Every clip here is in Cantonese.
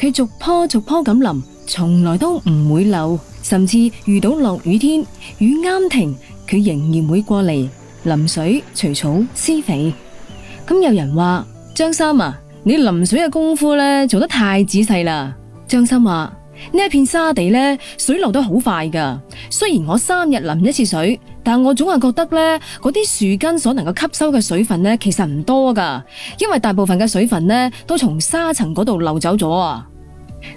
佢逐棵逐棵咁淋，從來都唔會漏，甚至遇到落雨天，雨啱停，佢仍然會過嚟淋水、除草、施肥。咁有人話張三啊，你淋水嘅功夫呢，做得太仔細啦。張三話、啊、呢一片沙地呢，水流得好快㗎。雖然我三日淋一次水，但我總係覺得呢嗰啲樹根所能夠吸收嘅水分呢，其實唔多㗎，因為大部分嘅水分呢都從沙層嗰度漏走咗啊。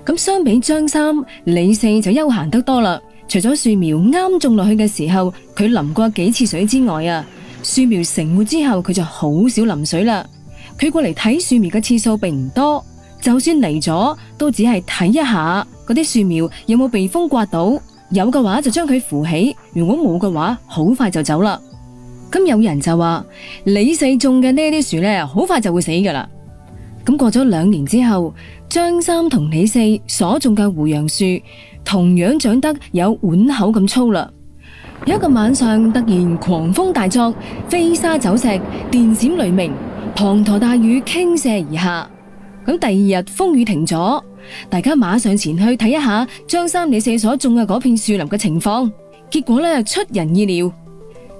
咁相比張三，李四就悠閒得多啦。除咗樹苗啱種落去嘅時候，佢淋過幾次水之外啊，樹苗成活之後，佢就好少淋水啦。佢過嚟睇樹苗嘅次數並唔多，就算嚟咗都只係睇一下嗰啲樹苗有冇被風刮到，有嘅話就將佢扶起，如果冇嘅話，好快就走啦。咁有人就話，李四種嘅呢啲樹咧，好快就會死噶啦。咁過咗兩年之後，張三同李四所種嘅胡楊樹同樣長得有碗口咁粗啦。有一個晚上，突然狂風大作，飛沙走石，電閃雷鳴，滂沱大雨傾瀉而下。咁第二日風雨停咗，大家馬上前去睇一下張三、李四所種嘅嗰片樹林嘅情況。結果呢，出人意料。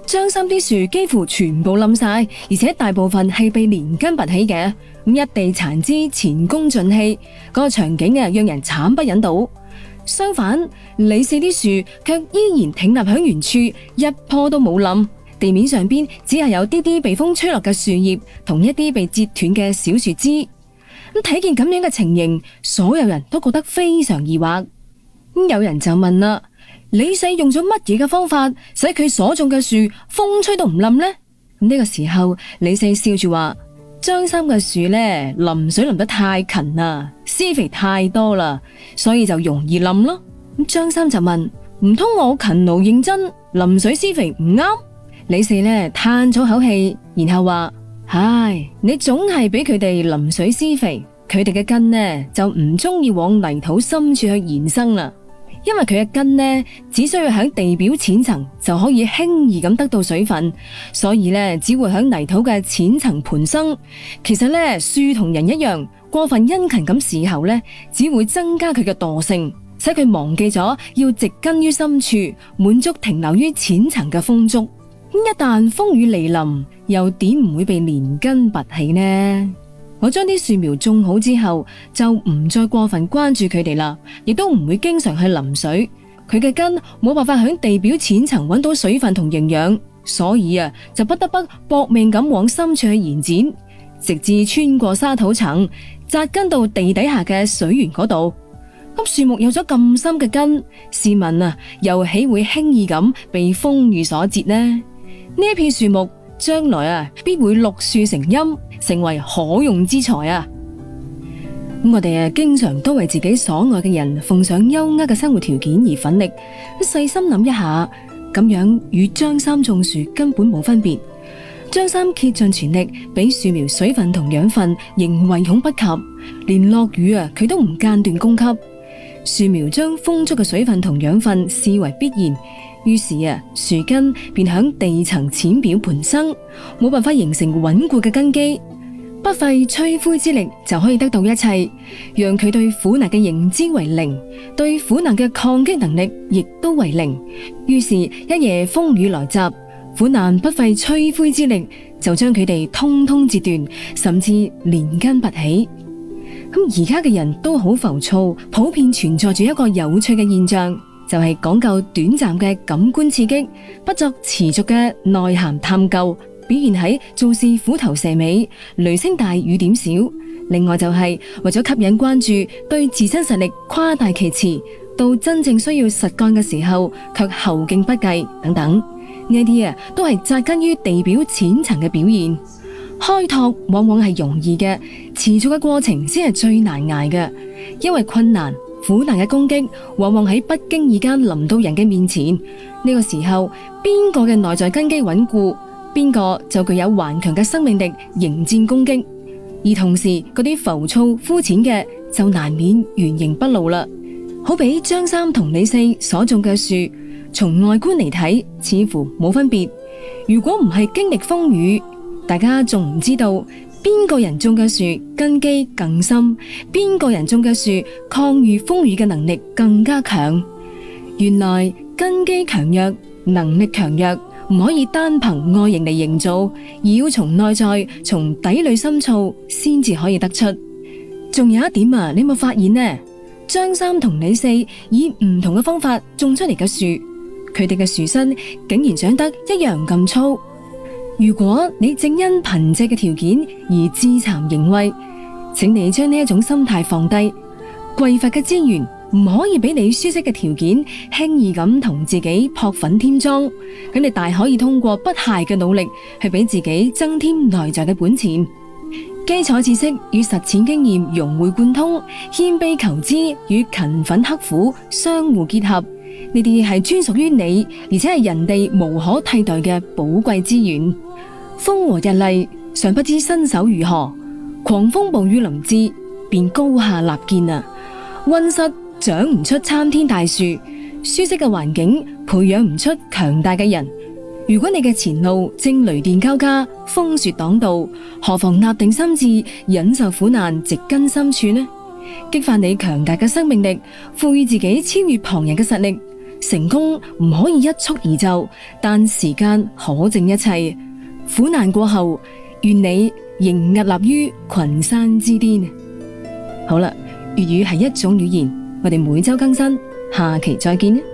張三啲樹幾乎全部冧晒，而且大部分係被連根拔起嘅，咁一地殘枝前功盡棄，嗰個場景嘅讓人慘不忍睹。相反，李四啲樹卻依然挺立響原處，一棵都冇冧。地面上邊只係有啲啲被風吹落嘅樹葉，同一啲被折斷嘅小樹枝。咁睇見咁樣嘅情形，所有人都覺得非常疑惑。咁有人就問啦。李四用咗乜嘢嘅方法，使佢所種嘅樹風吹都唔冧呢？咁呢個時候，李四笑住話：張三嘅樹呢，淋水淋得太勤啦，施肥太多啦，所以就容易冧咯。咁張三就問：唔通我勤勞認真淋水施肥唔啱？李四呢，嘆咗口氣，然後話：唉，你總係俾佢哋淋水施肥，佢哋嘅根呢就唔中意往泥土深處去延伸啦。因為佢嘅根呢，只需要喺地表淺層就可以輕易咁得到水分，所以呢，只會喺泥土嘅淺層盤生。其實呢，樹同人一樣，過分殷勤咁伺候呢，只會增加佢嘅惰性，使佢忘記咗要植根於深處，滿足停留於淺層嘅豐足。一旦風雨嚟臨，又點唔會被連根拔起呢？我將啲樹苗種好之後，就唔再過分關注佢哋啦，亦都唔會經常去淋水。佢嘅根冇辦法響地表淺層搵到水分同營養，所以啊，就不得不搏命咁往深處去延展，直至穿過沙土層，扎根到地底下嘅水源嗰度。咁樹木有咗咁深嘅根，試問啊，又豈會輕易咁被風雨所折呢？呢一片樹木，將來啊，必會綠樹成蔭，成為可用之才啊！咁我哋啊，經常都為自己所愛嘅人奉上優渥嘅生活條件而奮力。細心諗一下，咁樣與張三種樹根本冇分別。張三竭盡全力俾樹苗水分同養分，仍唯恐不及，連落雨啊，佢都唔間斷供給。樹苗將豐足嘅水分同養分視為必然，於是啊，樹根便響地層淺表盤生，冇辦法形成穩固嘅根基。不費吹灰之力就可以得到一切，讓佢對苦難嘅認知為零，對苦難嘅抗擊能力亦都為零。於是，一夜風雨來襲，苦難不費吹灰之力就將佢哋通通截斷，甚至連根拔起。咁而家嘅人都好浮躁，普遍存在住一個有趣嘅現象，就係、是、講究短暫嘅感官刺激，不作持續嘅內涵探究，表現喺做事虎頭蛇尾、雷聲大雨點小。另外就係、是、為咗吸引關注，對自身實力誇大其詞，到真正需要實幹嘅時候，卻後勁不繼等等，呢啲啊都係紮根於地表淺層嘅表現。開拓往往係容易嘅，持續嘅過程先係最難捱嘅。因為困難、苦難嘅攻擊，往往喺不經意間臨到人嘅面前。呢個時候，邊個嘅內在根基穩固，邊個就具有頑強嘅生命力迎戰攻擊；而同時，嗰啲浮躁膚淺嘅就難免原形不露啦。好比張三同李四所種嘅樹，從外觀嚟睇，似乎冇分別。如果唔係經歷風雨，大家仲唔知道邊個人種嘅樹根基更深，邊個人種嘅樹抗禦風雨嘅能力更加強？原來根基強弱、能力強弱唔可以單憑外形嚟營造，而要從內在、從底裏深造先至可以得出。仲有一點啊，你有冇發現呢？張三同李四以唔同嘅方法種出嚟嘅樹，佢哋嘅樹身竟然長得一樣咁粗。如果你正因貧瘠嘅條件而自慚形穢，請你將呢一種心態放低。匱乏嘅資源唔可以俾你舒適嘅條件，輕易咁同自己撲粉添妝。咁你大可以通過不懈嘅努力，去俾自己增添內在嘅本錢。基礎知識與實踐經驗融會貫通，謙卑求知與勤奮刻苦相互結合。呢啲係專屬於你，而且係人哋無可替代嘅寶貴資源。風和日麗，尚不知身手如何；狂風暴雨淋，淋之便高下立見啊！温室長唔出參天大樹，舒適嘅環境培養唔出強大嘅人。如果你嘅前路正雷電交加、風雪擋道，何妨立定心志，忍受苦難，植根深處呢？激發你強大嘅生命力，賦予自己超越旁人嘅實力。成功唔可以一蹴而就，但時間可證一切。苦難過後，願你仍屹立於群山之巔。好啦，粵語係一種語言，我哋每週更新，下期再見。